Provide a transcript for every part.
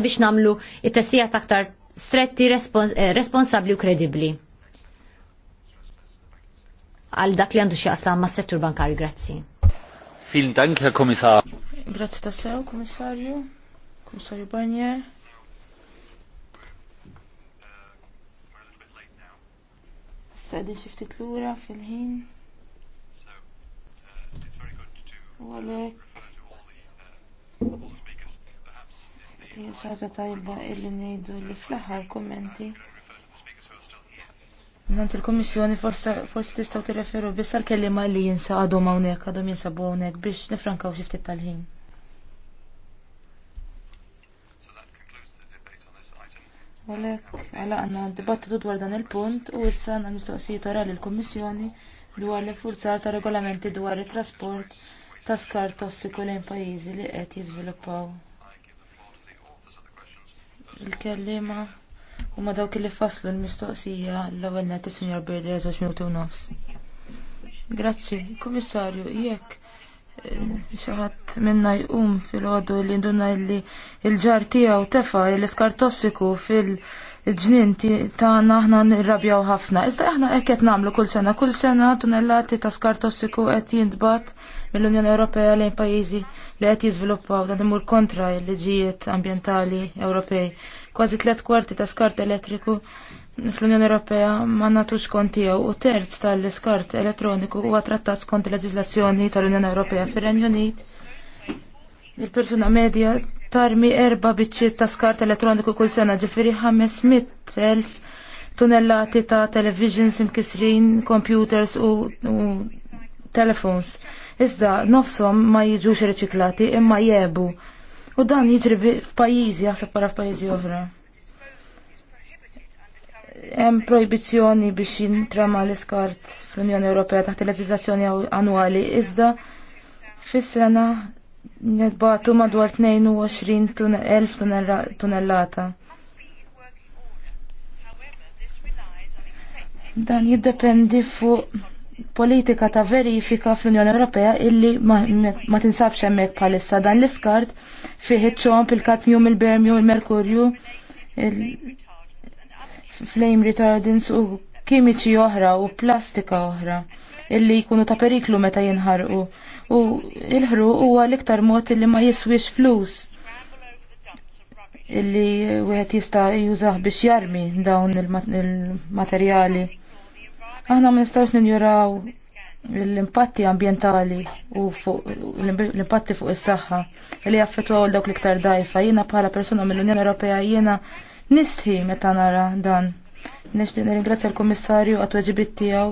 biex namlu it-tessija taktar stretti, respons eh, responsabli u kredibli. Għal dak li għandu xieqsam ma' settur bankari, grazzi. Fil dank, Herr Kommissar. Grazzi ta' sew, Kommissarju. Kommissarju Barnier. Sadin xiftit l-ura fil-ħin. U għalek ħaġa tajba illi ngħidu li fl-aħħar kummenti. Nant il-Kommissjoni forsi tistgħu tirreferu biss għal kelliema li jinsaqadhom hawnhekk għadhom jinsabu hawnhekk biex nifrankaw xi ftit tal-ħin. Għalek, għala għanna dibattitu dwar dan il-punt u issa għanna mistoqsiju tara l-Kommissjoni dwar l furzar ta' regolamenti dwar it-trasport ta' skar tossiku lejn pajjiżi li qed jiżviluppaw il-kellima u ma dawk li faslu l-mistoqsija l-ewwel net is-Sinjor Birder żewġ minuti nofs. Grazzi, Kummissarju, jekk eh, xi ħadd minna jqum fil-ħodu li nduna li l-ġar tiegħu tefa' l-iskar tossiku fil- il-ġnien tagħna aħna nirrabjaw ħafna. Iżda aħna hekk qed nagħmlu kull sena, kull sena tunellati ta' skar tossiku qed jintbagħat mill-Unjoni Ewropea lejn pajjiżi li qed jiżviluppaw dan imur kontra l-liġijiet ambjentali Ewropej. Kważi tliet kwarti ta' skart elettriku fl-Unjoni Ewropea ma natux kont tiegħu u terz tal-iskart elettroniku huwa trattat skont il leġiżlazzjoni tal-Unjoni Ewropea fir-Renju Unit Il-persuna medja tarmi erba biċċiet ta' skart elettroniku kull sena ġifiri 500.000 tonnellati ta' televisions imkisrin, computers u, u telefons. Iżda nofsom ma jiġux riċiklati imma jebu. U dan jiġri f'pajjiżi għasab para f'pajjiżi oħra. Hemm proibizzjoni biex jintrama l-iskart fl-Unjoni Ewropea taħt il-leġiżlazzjoni annwali iżda fis-sena Nedbatu madwar 22.000 tunellata. Dan jiddependi fuq politika ta' verifika fl-Unjoni Ewropea illi ma, ma tinsabx hemmhekk bħalissa dan l-iskart fih iċ-ċomp, il-katmium, il-bermium, il-merkurju, il-flame retardants u kimiċi oħra u plastika oħra illi jkunu ta' periklu meta jinħarqu u il-ħru huwa l-iktar mod li ma jiswix flus illi wieħed jista' jużah biex jarmi dawn il-materjali. Aħna ma nistgħux ninjuraw l-impatti ambjentali u l-impatti fuq is-saħħa li jaffettwaw dawk l-iktar dajfa. Jiena bħala persuna mill-Unjoni Ewropea jiena nistħi meta nara dan. Nixtieq nirringrazzja l-Kummissarju għat-tweġibiet tiegħu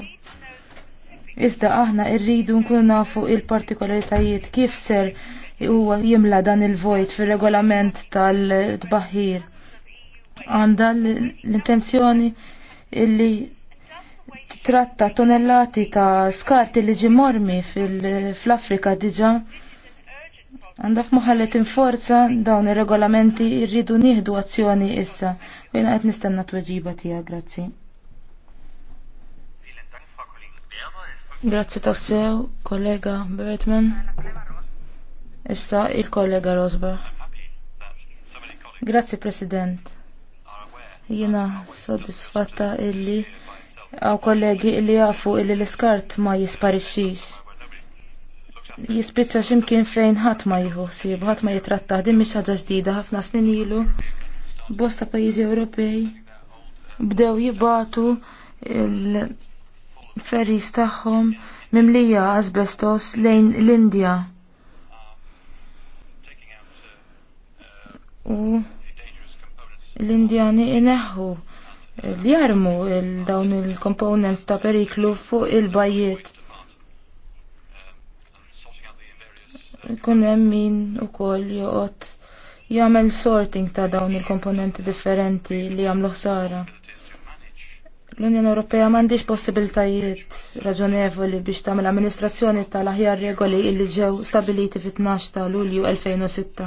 Iżda aħna rridu nkunu nafu il-partikolaritajiet kif ser huwa jimla dan il-vojt fir-regolament tal-tbaħħir. Għandha l-intenzjoni illi tratta tonellati ta' skarti li ġimormi fl-Afrika diġa. Għanda muħallet inforza dawn ir-regolamenti rridu nieħdu azzjoni issa. Bejna qed nistenna tweġiba tiegħek, grazzi. Grazzi tassew, kollega Bertman. Issa il-kollega Rosbach. Grazzi President. Jiena soddisfatta illi għaw kollegi illi jafu illi l-iskart ma jisparixxix. Jispiċċa ximkien fejn ħadd ma jieħu sib, ħadd ma jitrattaħ din mhix ħaġa ġdida ħafna snin ilu. Bosta pajjiżi Ewropej bdew jibatu il- Feris tagħhom mimlija asbestos lejn l-Indja. U l-Indjani ineħħu li jarmu il dawn il-components ta' periklu fuq il-bajiet. Kunem hemm min ukoll joqot jagħmel sorting ta' dawn il-komponenti differenti li jgħamlu ħsara. L-Unjoni Ewropea m'għandix possibiltajiet raġonevoli biex tagħmel amministrazzjoni tal-aħjar regoli illi ġew stabiliti fit-12 ta' Lulju 2006.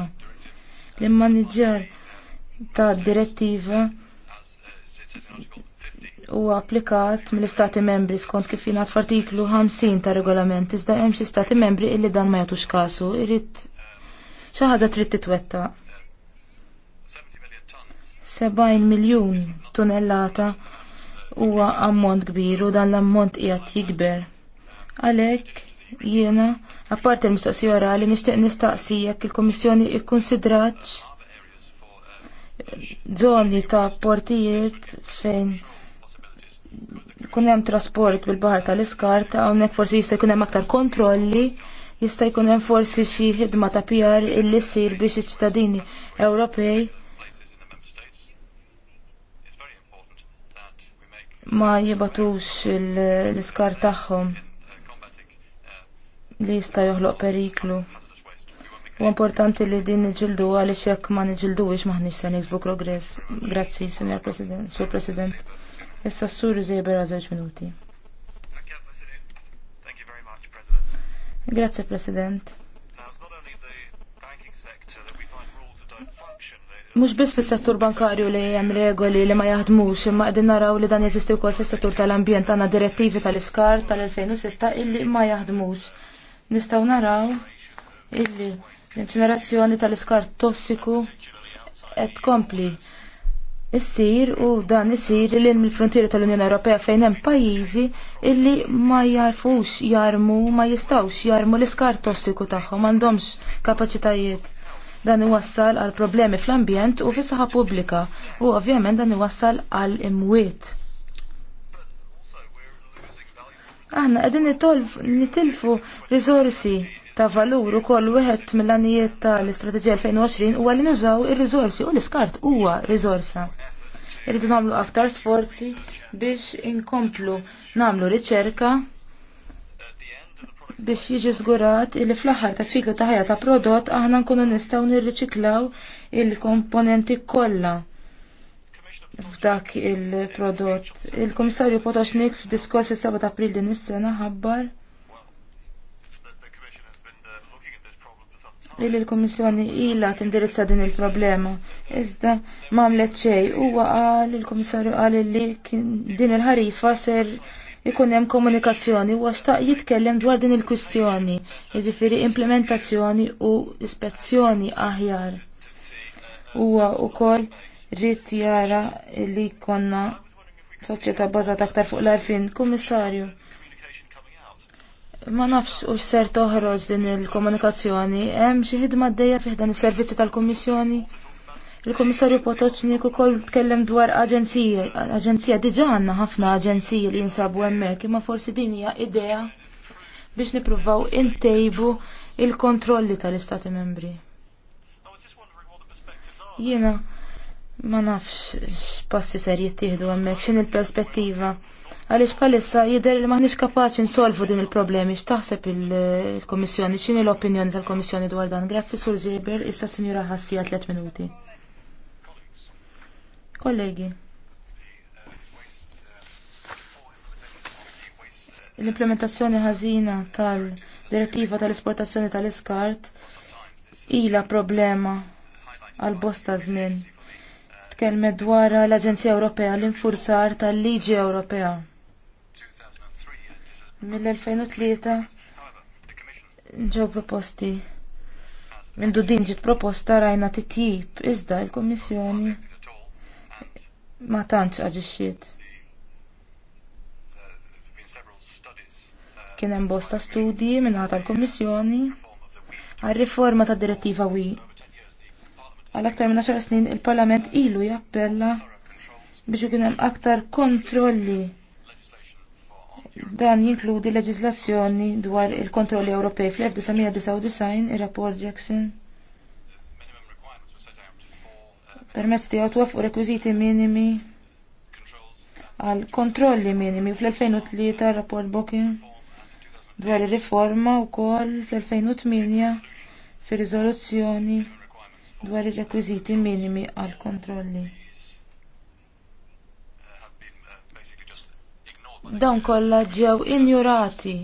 l immaniġġar ta' direttiva u applikat mill-Istati membri skont kif jingħad f'artiklu 50 ta' regolament iżda hemm xi Stati membri illi dan ma jagħtux kasu, irid xi ħaġa trid titwetta. 70 miljun tunnellata huwa ammont kbir u dan l-ammont qiegħed jikber. Għalhekk jiena apparti l-mistoqsija orali nixtieq nistaqsi jekk il-Kummissjoni ikkunsidratx żoni ta' portijiet fejn kun hemm trasport bil-baħar tal-iskarta hawnhekk forsi jista' jkun hemm aktar kontrolli jista' jkun hemm forsi xi ħidma ta' PR illi ssir biex iċ-ċittadini Ewropej ma jibatux l-iskar tagħhom li jista' joħloq periklu. U importanti li din niġildu għaliex jekk ma niġilduwiex maħniex se niksbu progress. Grazzi, Sr. President, Sr. President. Issa s-sur zejber għal minuti. Grazzi, President. Mux biss fis-settur bankarju li hemm regoli li ma jaħdmux, imma għedin naraw li dan jeżisti wkoll fis-settur tal-ambjent għandna direttivi tal-iskar tal-2006 illi ma jaħdmux. Nistgħu naraw illi l-inċinerazzjoni tal-iskar tossiku qed kompli issir u dan issir li mill frontiri tal-Unjoni Ewropea fejn hemm pajjiżi illi ma jarfux jarmu, ma jistgħux jarmu l-iskar tossiku tagħhom, m'għandhomx kapaċitajiet Dan iwassal għal problemi fl-ambjent u fis-saħħa pubblika u ovvjament dan iwassal għal imwiet. Aħna qegħdin nitilfu riżorsi ta' valur ukoll wieħed mill-għanijiet tal-Istrateġija 2020 huwa li nużaw ir-riżorsi u l-iskart huwa riżorsa. Irridu nagħmlu aktar sforzi biex inkomplu nagħmlu riċerka biex jiġi żgurat li fl-aħħar ta' ċiklu ta' ħajja ta' prodott aħna nkunu nistgħu nirriċiklaw il-komponenti kollha f'dak il-prodott. Il-Komissarju Potoxnik f'diskors il-7 ta' April din is-sena ħabbar li l-Komissjoni ila tindirizza din il-problema. Iżda m'għamlet xejn huwa qal il-Komissarju qal li din il-ħarifa ser ikun hemm komunikazzjoni u għaxtaq jitkellem dwar din il-kwistjoni, jiġifieri implementazzjoni u ispezzjoni aħjar. Huwa wkoll rrid jara li konna soċjetà bażat aktar fuq l-arfin, kummissarju. Ma nafx u ser toħroġ din il-komunikazzjoni, hemm xi ħidma d-dejja fih dan is-servizzi tal-Kummissjoni? Il-Komissarju Potoċnik kol tkellem dwar aġenzija, aġenzija diġa għandna ħafna aġenziji li jinsabu hemmhekk, imma forsi din hija idea biex nippruvaw intejbu il-kontrolli tal-Istati Membri. Jiena ma nafx x'passi ser jittieħdu hemmhekk x'in il-perspettiva. Għaliex bħalissa jidher li maħniex kapaċi nsolvu din il-problemi x'taħseb il-Komissjoni, x'inhi l-opinjoni tal-Komissjoni dwar dan. Grazzi Sur Zeber, issa Sinjura Ħassija tliet minuti. Kollegi, l-implementazzjoni ħażina tal-direttiva tal-esportazzjoni tal-iskart ila problema għal bosta żmien. Tkellmet dwar l-Aġenzija Ewropea l-infurzar tal-Liġi Ewropea. Mill-2003 ġew proposti. Minn din ġiet proposta rajna titjib iżda l-Kummissjoni ma tantx aġixxiet. Kien hemm bosta studji minħa tal-Kummissjoni għar-riforma tad-direttiva wi. Għal aktar minn 10 snin il-Parlament ilu jappella biex ikun hemm aktar kontrolli. Dan jinkludi leġiżlazzjoni dwar il-kontrolli Ewropej fl-1999 ir-rapport Jackson permezz tiegħu twaffqu rekwiżiti minimi għal kontrolli minimi fl-2003 rapport booking dwar ir-riforma wkoll fl-2008 fir-riżoluzzjoni dwar ir-rekwiżiti minimi għal kontrolli. dawn kollha ġew injurati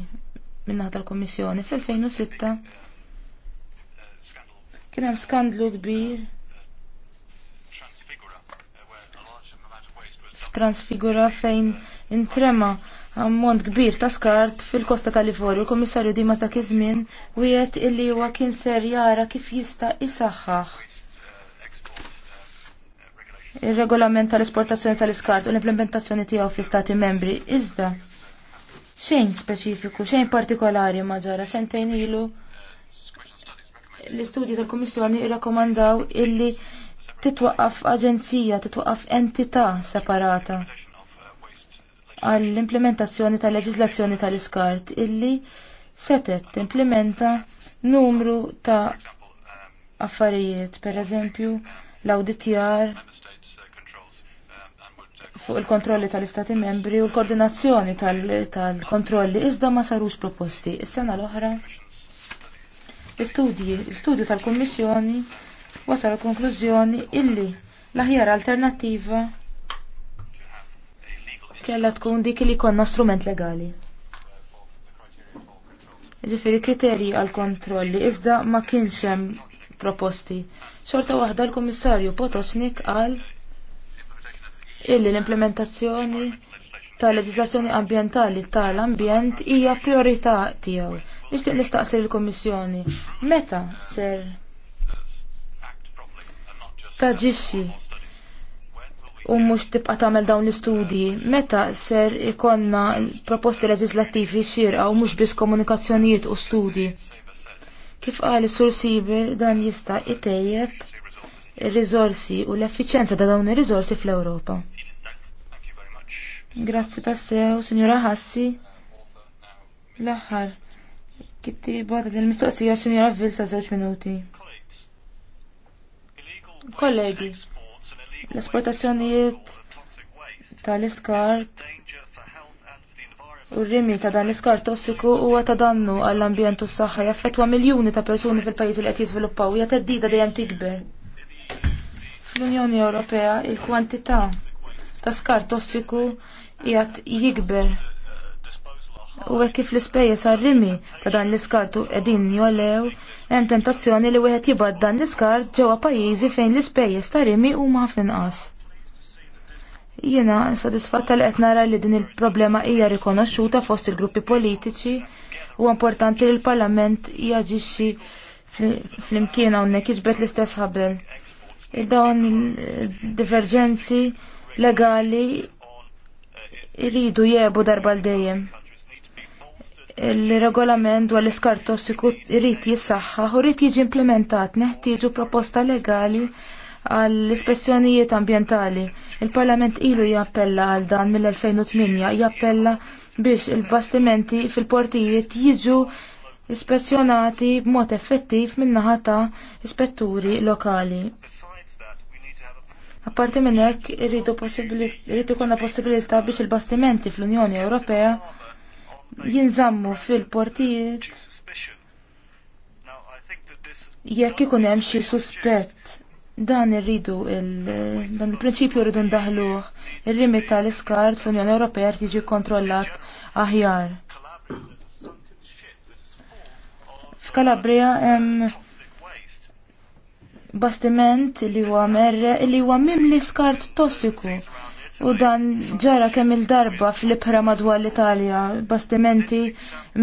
minna tal-Kummissjoni fl-2006. Kien hemm skandlu kbir transfigura fejn intrema ammont kbir ta' skart fil-kosta tal-Livorju. Il-Komissarju Dima dak iż-żmien wieħed illi huwa kien ser jara kif jista' isaħħaħ ir-regolament tal-esportazzjoni tal-iskart u l-implementazzjoni tiegħu fl-Istati membri. Iżda xejn speċifiku, xejn partikolari ma ġara sentejn ilu l-istudji tal-Kummissjoni rrakkomandaw illi titwaqqaf aġenzija, titwaqqaf entità separata għall-implementazzjoni tal-leġislazzjoni tal-iskart illi setet implementa numru ta' affarijiet, per eżempju l-auditjar fuq il-kontrolli tal-Istati membri u l-koordinazzjoni tal-kontrolli iżda ma sarux proposti. Is-sena l-oħra l-studju tal-Kommissjoni wasal konklużjoni illi l-aħjar alternattiva kella tkun dik li konna strument legali. Ġifiri kriterji għal kontrolli iżda ma kienx hemm proposti. Xorta waħda l-Kummissarju Potosnik għal illi l-implementazzjoni tal leġislazzjoni ambjentali tal-ambjent hija priorità tiegħu. Nixtieq nistaqsi l-Kummissjoni meta ser taġixxi u mhux tibqa' tagħmel dawn l-istudji, meta ser ikonna proposti leġislattivi xierqa u mhux biss komunikazzjonijiet u studji. Kif qal is-Sur Sibir dan jista' itejjeb ir-riżorsi u l effiċjenza ta' dawn ir-riżorsi fl-Ewropa. Grazzi tassew, Sinjora Hassi. L-aħħar kittiba tal-mistoqsija Sinjora Vilsa żewġ minuti. Kollegi, l-esportazzjonijiet tal-iskart u r ta' dan l-iskart tossiku huwa ta' dannu għall-ambjent u s-saħħa jaffettwa miljuni ta' persuni fil-pajjiżi li qed jiżviluppaw hija teddida dejjem tikber. Fl-Unjoni Ewropea il-kwantità ta' skart tossiku qiegħed jikber u hekk kif l-ispejjeż sarrimi rimi ta' dan l-iskartu qegħdin jolew, hemm tentazzjoni li wieħed jibad dan l-iskart ġewwa pajjiżi fejn l-ispejjeż ta' rimi huma ħafna inqas. Jiena sodisfatta li qed nara li din il-problema hija rikonoxxuta fost il-gruppi politiċi u importanti li l-Parlament jaġixxi fl-imkien hawnhekk iġbet l-istess ħabel il-dawn divergenzi legali iridu jebu darba l-dejjem il-regolament dwar l-iskart tossiku irrit jissaħħa u rrit jiġi implementat neħtieġu proposta legali għall-ispezzjonijiet ambientali. Il-Parlament ilu jappella għal dan mill-2008 jappella biex il-bastimenti fil-portijiet jiġu ispezzjonati b'mod effettiv min-naħa ta' ispetturi lokali. Apparti minn hekk irridu possibilità biex il-bastimenti fl-Unjoni Ewropea jinżammu fil-portijiet jekk ikun hemm xi suspett dan irridu il dan il-prinċipju rridu ndaħluh ir tal-iskart fl-Unjoni Ewropea jiġi kontrollat aħjar. F'Kalabria hemm bastiment li huwa merre li huwa mimli skart tossiku U dan ġara kemm il-darba fl-ibħra madwar l-Italja, bastimenti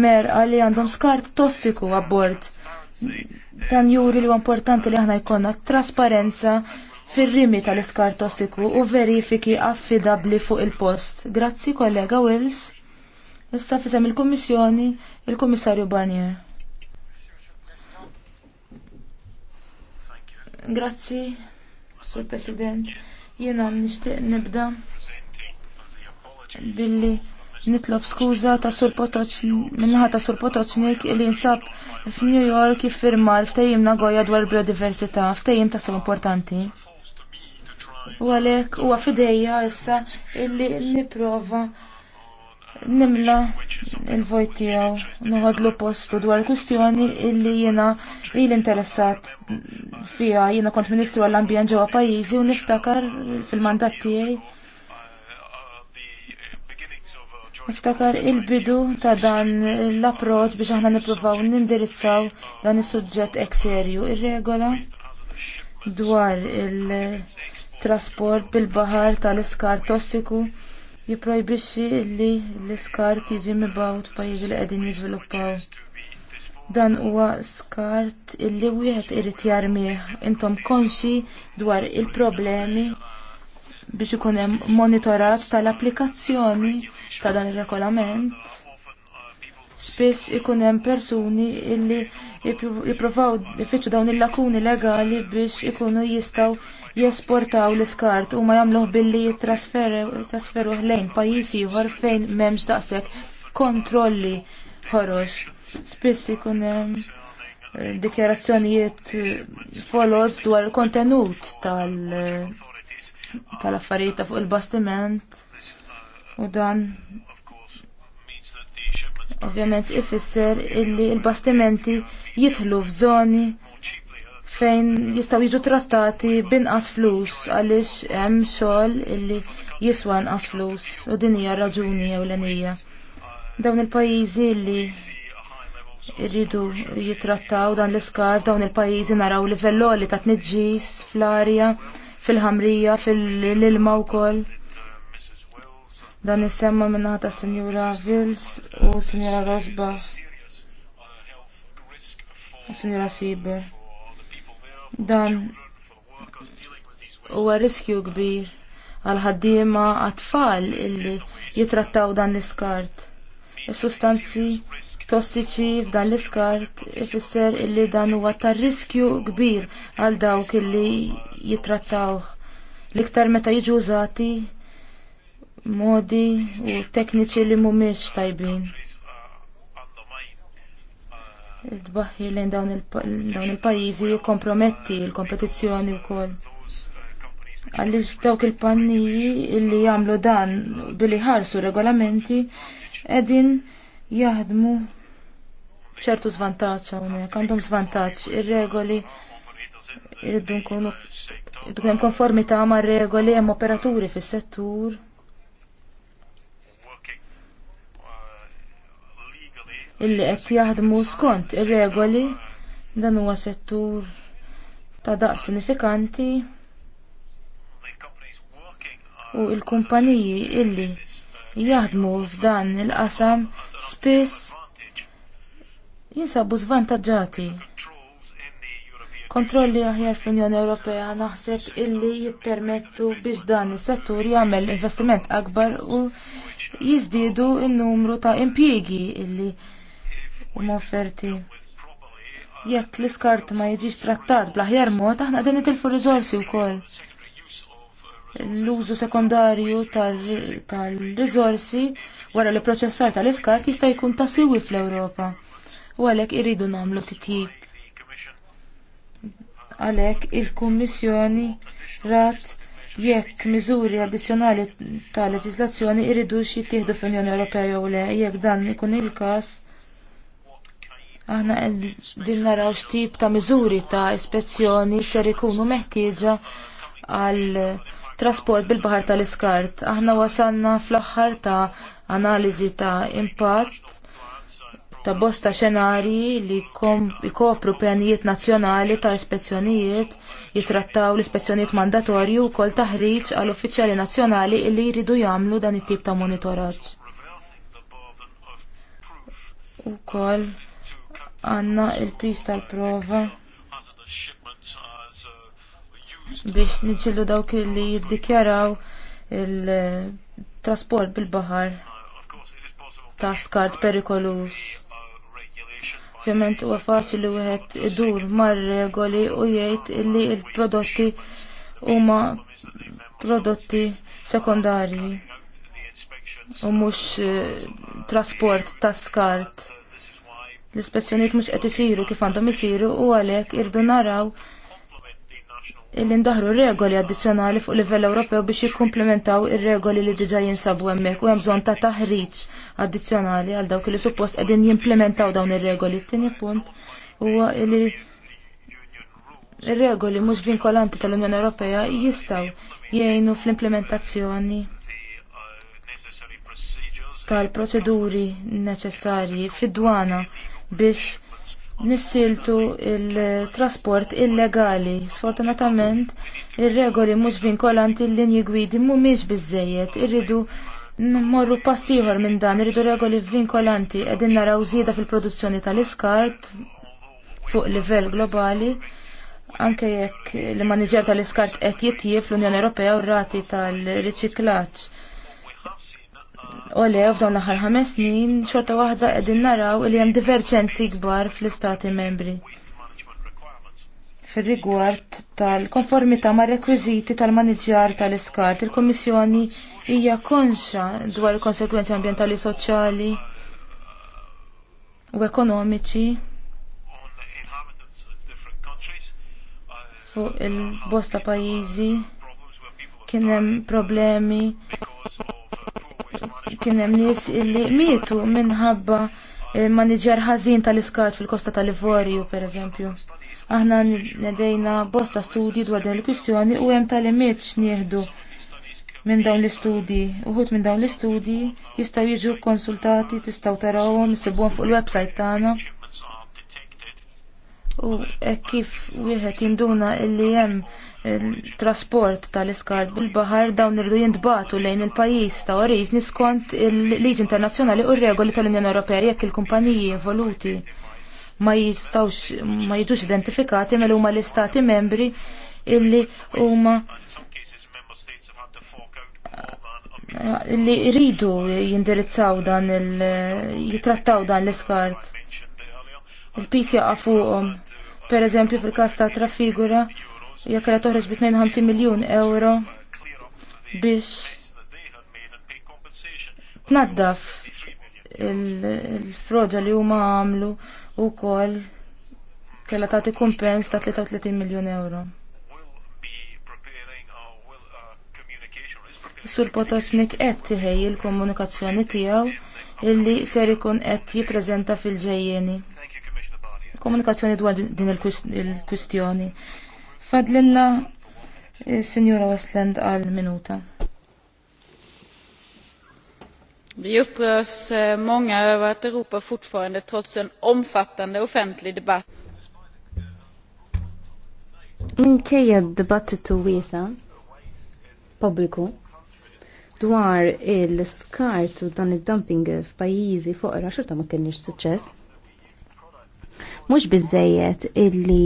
mer għalli għandhom skart tossiku abbord. Dan juri li importanti li aħna jkollna trasparenza fir-rimi tal-iskar tossiku u verifiki affidabli fuq il-post. Grazzi kollega Wills. Issa fisem il-Kummissjoni, il-Kummissarju Barnier. Grazzi, Sur President. Jiena nixtieq nibda billi nitlob skuża ta' Sur minnaħa ta' Sur Potoċnik li nsab f'New York jiffirma l na' goja dwar biodiversità, ftejim ta' importanti. U għalhekk huwa fidejja issa illi nipprova nimla il-vojt tiegħu noħodlu postu dwar kwistjoni illi jiena il interessat fiha jiena kont Ministru għall-Ambjent ġewwa pajjiżi u niftakar fil-mandat tiegħi. Niftakar il-bidu ta' dan l-approċ biex aħna nippruvaw nindirizzaw dan is-suġġett ek serju. Ir-regola dwar il-trasport bil-baħar tal-iskar tossiku jipprojbixxi li l-iskart jiġi mibgħut f'pajjiżi li qegħdin jiżviluppaw. Dan huwa skart illi wieħed irid jarmih. Intom konxi dwar il-problemi biex ikun hemm monitoraġġ tal-applikazzjoni ta' dan ir-regolament. Spiss ikun hemm persuni illi jippruvaw ifittxu dawn il-lakuni legali biex ikunu jistgħu jesportaw l-iskart u ma jagħmluh billi jitrasferu lejn pajjiż ieħor fejn m'hemmx daqshekk kontrolli ħorox. Spiss ikun hemm eh, dikjarazzjonijiet eh, folos dwar il-kontenut eh, tal-affarijiet ta' fuq il-bastiment u dan ovvjament ifisser illi l-bastimenti jidħlu f'żoni fejn jistgħu jiġu trattati binqas flus għaliex hemm xogħol illi jiswa nqas flus u din hija raġuni l-enija. Dawn il-pajjiżi li rridu jitrattaw dan l-iskar dawn il-pajjiżi naraw livell li ta' tniġġis fl-arja, fil-ħamrija, fil-ilma wkoll. Dan is-semma minna ta' Sinjura Vils u Sinjura Rosbach. Sinjura Sieber. Dan huwa riskju kbir għal ħaddiema għat-tfal illi jitrattaw dan l-iskart. Is-sustanzi tossiċi f'dan l-iskart ifisser illi dan huwa ta' riskju kbir għal dawk illi jitrattaw l-iktar meta jiġu użati modi u tekniċi li mhumiex tajbin tbaħħir lejn dawn il-pajjiżi il komprometti l-kompetizzjoni wkoll. Għaliex dawk il-panniji li jagħmlu dan billi ħarsu regolamenti qegħdin jaħdmu ċertu svantaġġ hawnhekk, għandhom żvantaġġ ir-regoli irridu nkunu hemm konformità mar regoli hemm operaturi fis-settur illi qed jaħdmu skont ir-regoli dan huwa settur ta' daqs sinifikanti u l-kumpaniji illi jaħdmu f'dan il-qasam spiss jinsabu zvantaġġati. Kontrolli aħjar fl-Unjoni Ewropea naħseb illi jippermettu biex dan is-settur jagħmel investiment akbar u jiżdiedu n-numru ta' impjiegi illi l-offerti. Jekk l-iskart ma jiġix trattat bl-aħjar mod, aħna qegħdin rizorsi u wkoll. L-użu sekundarju tal-riżorsi wara li proċessar tal-iskart jista' jkun ta' fl-Ewropa. U għalhekk irridu nagħmlu titjib. Għalhekk il-Kummissjoni rat jekk miżuri addizzjonali tal leġislazzjoni irridu jittieħdu fl-Unjoni Ewropea jew le, jekk dan ikun il-każ Aħna din naraw x'tip ta' miżuri ta' ispezzjoni ser ikunu meħtieġa għal trasport bil-baħar tal-iskart. Aħna wasalna fl-aħħar ta' analiżi ta' impatt ta' bosta xenari li jkopru pjanijiet nazzjonali ta' ispezzjonijiet jitrattaw l-ispezzjonijiet mandatorju wkoll taħriġ għal uffiċjali nazzjonali li jridu jagħmlu dan it-tip ta' monitoraġġ. kol għandna il-pis tal-prova biex niġillu dawk li jiddikjaraw il-trasport bil-bahar ta' skart perikolus. Ovvjament huwa faċli wieħed idur mar-regoli u jgħid li l-prodotti huma prodotti sekondarji u mhux eh, trasport ta' skart l-ispezzjoniet mhux qed isiru kif għandhom isiru u għalhekk irdu naraw illi ndaħru regoli addizzjonali fuq livell Ewropew biex jikkumplementaw ir-regoli li diġà jinsabu hemmhekk u hemm bżonn ta' taħriġ addizzjonali għal dawk li suppost qegħdin jimplementaw dawn ir-regoli. Tieni punt huwa li ir-regoli mhux vinkolanti tal-Unjoni Ewropea jistgħu jgħinu fl-implementazzjoni tal-proċeduri neċessarji fid-dwana biex nissiltu il-trasport illegali. Sfortunatament, ir-regoli mhux vinkolanti l-linji gwidi mhumiex biżejjed, irridu morru passiħor minn dan, irridu regoli vinkolanti qegħdin naraw żieda fil-produzzjoni tal-iskart fuq livell globali. Anke jekk l-maniġer tal-iskart qed jitjieb fl-Unjoni Ewropea u rati tal-riċiklaġġ Ole, f'dawn l-aħħar ħames snin, xorta waħda qegħdin naraw li hemm diverġenzi kbar fl-istati membri fir-rigward tal-konformità mar rekwiżiti tal-maniġjar tal-iskart, il-Kummissjoni hija konxa dwar il-konsekwenzi ambjentali soċjali u ekonomiċi fuq il-bosta pajjiżi kien hemm problemi kien hemm nies illi mietu minħabba eh, maniġer ħażin tal-iskart fil-Kosta tal-Livorju pereżempju. Aħna nedejna bosta studji dwar din il-kwistjoni u hemm tal-imiet x'nieħdu minn dawn l-istudji. Uħut minn dawn l-istudji jistgħu jiġu konsultati, tistgħu tarawhom, issibuhom fuq il-website tagħna u kif wieħed jinduna illi hemm trasport tal-iskart bil-baħar dawn irdu jintbatu lejn il-pajjiż ta' oriġni skont il-liġi internazzjonali u r-regoli tal-Unjoni Ewropea jekk il-kumpaniji involuti ma jistawx ma jiġux identifikati mela huma l-istati membri illi huma illi jridu jindirizzaw dan il jitrattaw dan l-iskart il-pis jaqa' fuqhom Per eżempju fil-kas ta' trafigura, jekk li toħroġ bi 52 miljun euro biex tnaddaf il-froġa li huma għamlu u kol kella tagħti kumpens ta' 33 miljun euro. Sur Potoċnik qed tiħej il-komunikazzjoni tiegħu illi ser ikun qed jippreżenta fil-ġejjeni komunikazzjoni dwar din il-kwistjoni. Fadlinna eh, Signora Westland għal minuta. Vi upprörs eh, många över att Europa fortfarande trots en omfattande offentlig debatt. debattet dibattitu visa pubbliku dwar il-skart u dan id-dumping f'pajjiżi foqra xorta ma kienx suċċess mhux biżejjed illi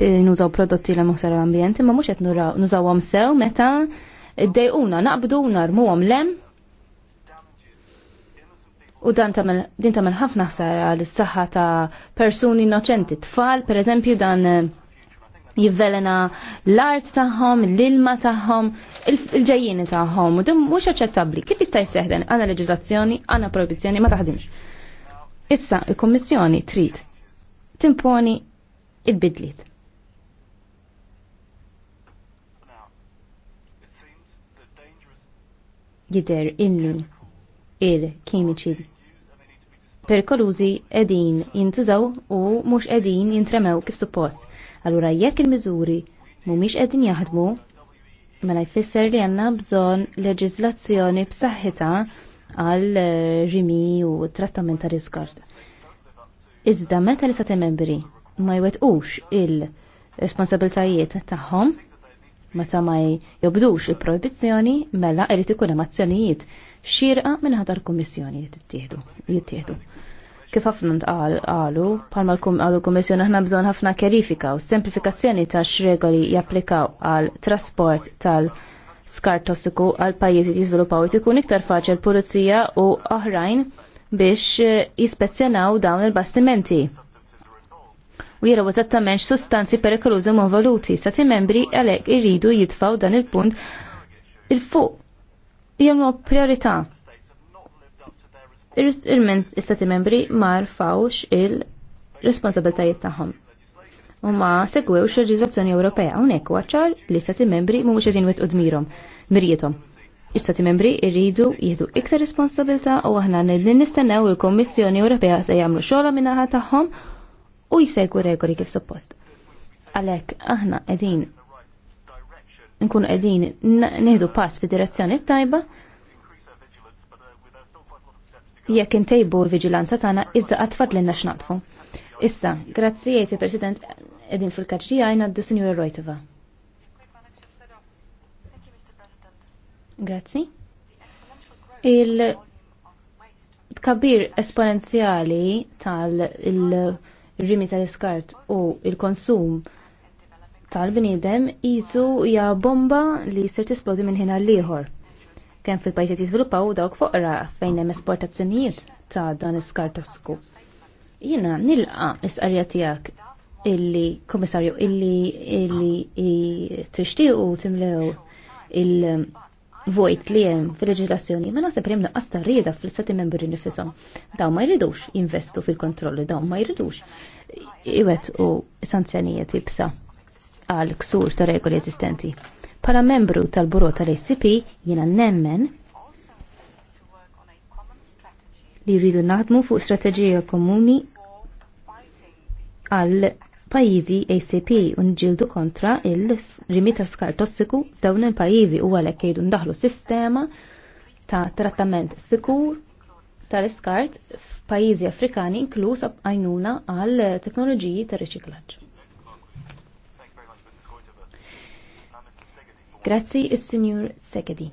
eh, nużaw prodotti li muħsar l-ambjent, imma mhux qed nużawhom sew meta ddejquna naqbdu narmuhom lem U dan tamel, din tamel ħafna ħsara l-saħħa ta' persuni innoċenti, tfal, per eżempju, dan eh, jivvelena l-art tagħhom, l-ilma tagħhom, il-ġejjini tagħhom, u din mhux aċċettabbli. Kif jista' jseħden għandna leġiżlazzjoni, għandna proibizzjoni ma taħdimx. Issa il-Kommissjoni trid timponi il-bidliet. Jider illi il-kimiċi perikolużi edin jintużaw u mux edin jintremew kif suppost. Allura jekk il-miżuri mumiex edin jaħdmu, mela jfisser li għanna bżon leġizlazzjoni b'saħħitha għal eh, rimi u trattament ta' riskard. Iżda meta li stati membri ma jwetqux il-responsabiltajiet tagħhom meta ma jobdux il-proibizzjoni mela irid ikun hemm azzjonijiet xirqa minn ħadar kummissjoni jittieħdu. Kif ħafna ntqal qalu palma għalu kummissjoni aħna bżonn ħafna kerifika u semplifikazzjoni tax regoli japplikaw għal trasport tal- -trasport, skar tossiku għal pajjiżi li jiżviluppaw ikun iktar faċel pulizija u oħrajn biex eh, jispezzjonaw dawn il-bastimenti. U jiraw eżattament sustanzi perikolużi voluti. stati membri għalhekk irridu jitfaw dan il-punt il-fuq jemmu priorità. Il-istati membri ma rfawx il-responsabiltajiet tagħhom u ma segwewx leġiżlazzjoni Ewropea hawnhekk huwa ċar li stati membri mhumiex qegħdin wet udmirom, mirjetom. Istati membri irridu jieħdu iktar responsabilta u aħna nistennew il-Kommissjoni Ewropea se jagħmlu xola minaħa tagħhom u jisegwu regoli kif suppost. Għalhekk aħna qegħdin nkun qegħdin nieħdu pass fi direzzjoni tajba jekk intejbu l-viġilanza tagħna iżda qatt fadlilna x'naqtfu. Issa, grazzi jgħid President edin fil-kaċġija għajna d Sinjura Rojtova. Grazzi. Il tkabbir esponenzjali tal-rimi tal-iskart u il-konsum tal-bnidem jisu hija bomba li jisir tisplodi minn ħina l-ieħor. Kemm fil-pajjiżiet jiżviluppaw dawk foqra fejn hemm esportazzjonijiet ta' dan iskart tossiku Jina nilqa isqarja tijak illi, komissarju, illi, illi t u timlew il- vojt li jem fil-leġislazzjoni, ma nasib jemna naqqas tarrieda fil-sati membri nifisom. Daw ma jridux investu fil-kontrolli, daw ma jridux iwet u sanzjonijiet jibsa għal ksur ta' regoli esistenti. Pala membru tal-buro tal-ACP jina nemmen li jridu naħdmu fuq strateġija komuni għal pajizi ACP u nġildu kontra il-rimi ta' skar tossiku f'dawn il-pajizi u għalek jridu ndaħlu sistema ta' trattament sikur tal-iskart f'pajjiżi Afrikani inkluż għajnuna għal teknoloġiji ta' riċiklaġġ. Grazzi is-Sinjur Segedi.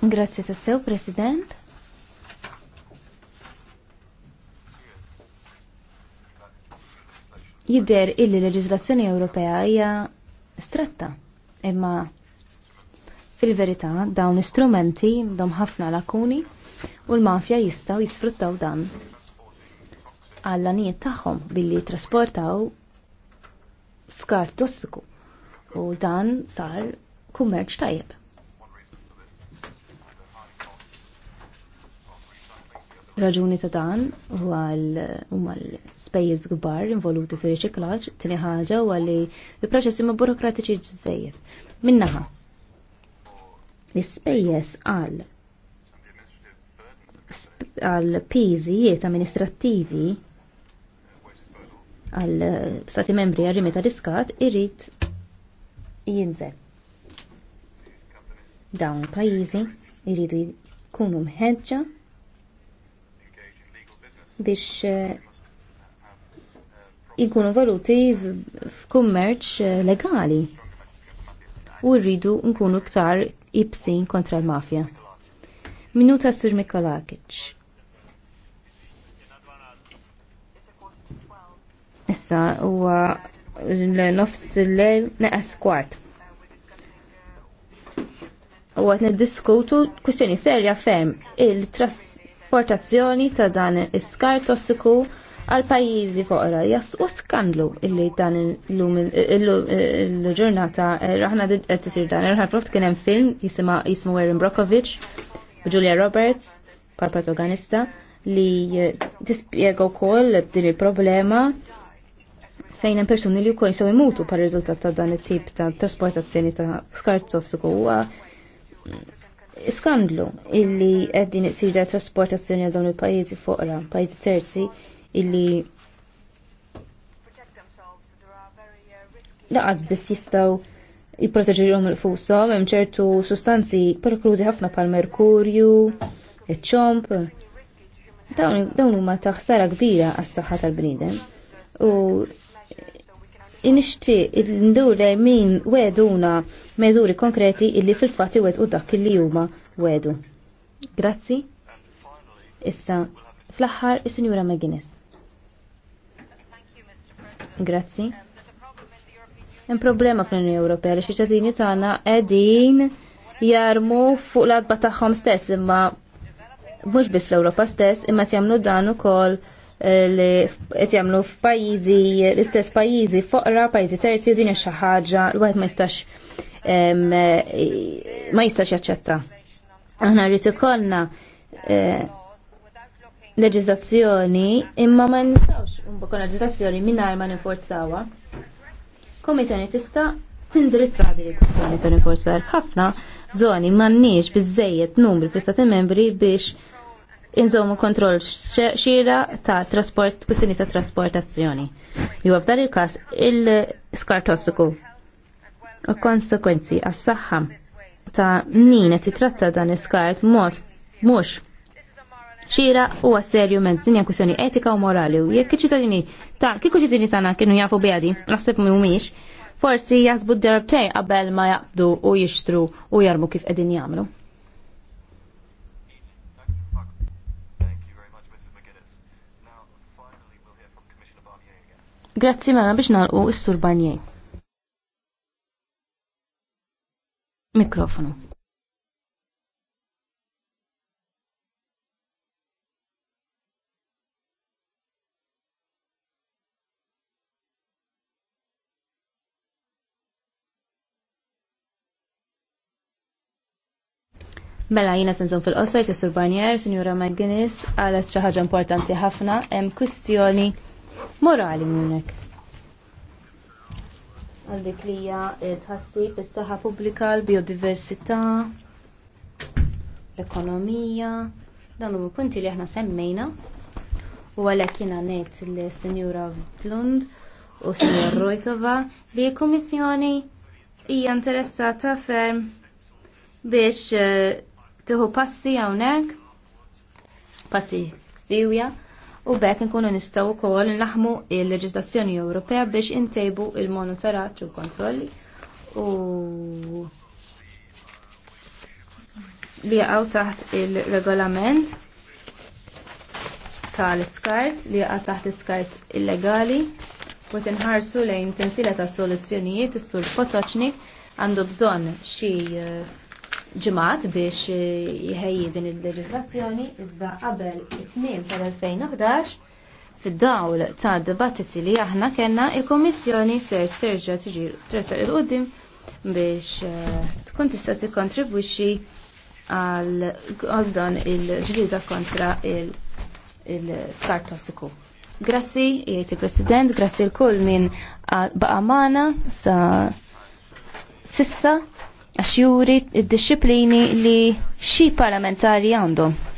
Grazzi te, President. Jidder illi leġislazzjoni Ewropea hija stretta. imma fil-verità dawn istrumenti dom ħafna lakuni u l-mafja jistaw jisfruttaw dan għall nijiet tagħhom billi trasportaw skar tossiku u dan sar kummerċ tajjeb. Raġuni ta' dan huwa l-spejjeż kbar involuti fir-riċiklaġġ tieni ħaġa huwa li l-proċessi huma burokratiċi ġżejjed. Minnaħa l-ispejjeż għal għal piżijiet amministrattivi għal stati membri għal rimeta diskat irrit jinze. Dawn pajizi irridu jkunu mħedġa biex eh, ikunu valuti f'kummerċ eh, legali u rridu nkunu ktar ibsin kontra l-mafja. Minuta Sur Mikolakic. Issa huwa l-nofs l-lejl neqas kwart. U għet diskutu kustjoni serja ferm il-trust l-esportazzjoni ta' dan iskar tossiku għal pajjiżi foqra jas u skandlu illi dan l ġurnata eh, raħna qed eh, dan raħna proft kien hemm film jisima jismu Erin Brokovich u Julia Roberts par protagonista li eh, tispjega wkoll din il-problema fejn hemm persuni li wkoll jsew imutu par riżultat ta' dan it-tip ta' trasportazzjoni ta' skart tossiku huwa skandlu illi għeddin iqsir da trasportazzjoni għal dawn il-pajjiżi foqra, pajjiżi terzi illi laqas biss jistaw jipproteġilhom il-fushom hemm ċertu sustanzi perikolużi ħafna pal merkurju, iċ-ċomp. Dawn huma taħsara kbira għas-saħħa tal-bniedem. U inixti il-ndure min weduna meżuri konkreti illi fil-fatti wedqu dak illi huma wedu. Grazzi. Issa, fl-axħar, is-Sinjura McGuinness. Grazzi. Hemm problema fl-Unjoni Ewropea li ċittadini tagħna qegħdin jarmu fuq l-adba tagħhom stess imma mhux biss fl-Ewropa stess imma jagħmlu dan ukoll li qed jagħmlu f'pajjiżi l-istess pajjiżi foqra, pajjiżi terzi din hija xi ħaġa l wieħed ma jistax ma jistax jaċċetta. Aħna rrid ikollna e, leġiżlazzjoni imma ma nistgħux imbokon leġiżlazzjoni mingħajr ma ninforzawha. Komissjoni tista' tindrizza bil kwistjoni ta' niforzar ħafna żoni m'għandniex biżejjed numri fl-istati membri biex inżommu kontroll xira ta' trasport, kwistjoni ta' trasportazzjoni. Jew f'dan il-każ il-skar tossiku u konsekwenzi għas-saħħa ta' min qed titratta dan iskart mod mhux xira u għas-serju mezz dinja kwistjoni etika u morali u jekk ċittadini ta' kieku ċittadini tagħna kienu jafu bjadi, naħseb mhumiex, forsi jasbu d-derbtej qabel ma jaqdu u jixtru u jarmu kif qegħdin jagħmlu. Grazzi mela biex nalqu is-sur Barnier. Mikrofonu. Mela jina senżon fil qosajt ta' Sur Barnier, Sinjura McGuinness, għalas xi ħaġa importanti ħafna, hemm kwistjoni morali minnek. Għandik li hija tħassib is-saħħa pubblika, l-biodiversità, l-ekonomija, dan huma punti li aħna semmejna. U għalhekk jiena ngħid lis-Sinjura Blund u Sinjura Rojtova li l-Kummissjoni hija interessata ferm biex eh, tieħu passi hawnhekk passi siwja u bekk nkunu nistgħu wkoll naħmu il-leġislazzjoni Ewropea biex intejbu il-monitoraġġ u kontrolli u li għaw taħt il-regolament tal-iskart li għaw taħt iskart illegali u tinħarsu lejn sensila ta' soluzzjonijiet is-sur potoċnik għandu bżonn xi eh, Ġimat biex eh, jħejji din il-leġislazzjoni iżda qabel it-tniem tal-2011 fid-dawl ta' dibattiti li aħna kellna il-Kommissjoni ser terġa' tiġi tersel il-qudiem biex eh, tkun tista' tikkontribwixxi għal dan il-ġlida kontra il-skar tossiku. Grazzi, jieti president grazzi l-kull minn baqa' sa' sissa għax juri id-disciplini li xi parlamentari għandhom.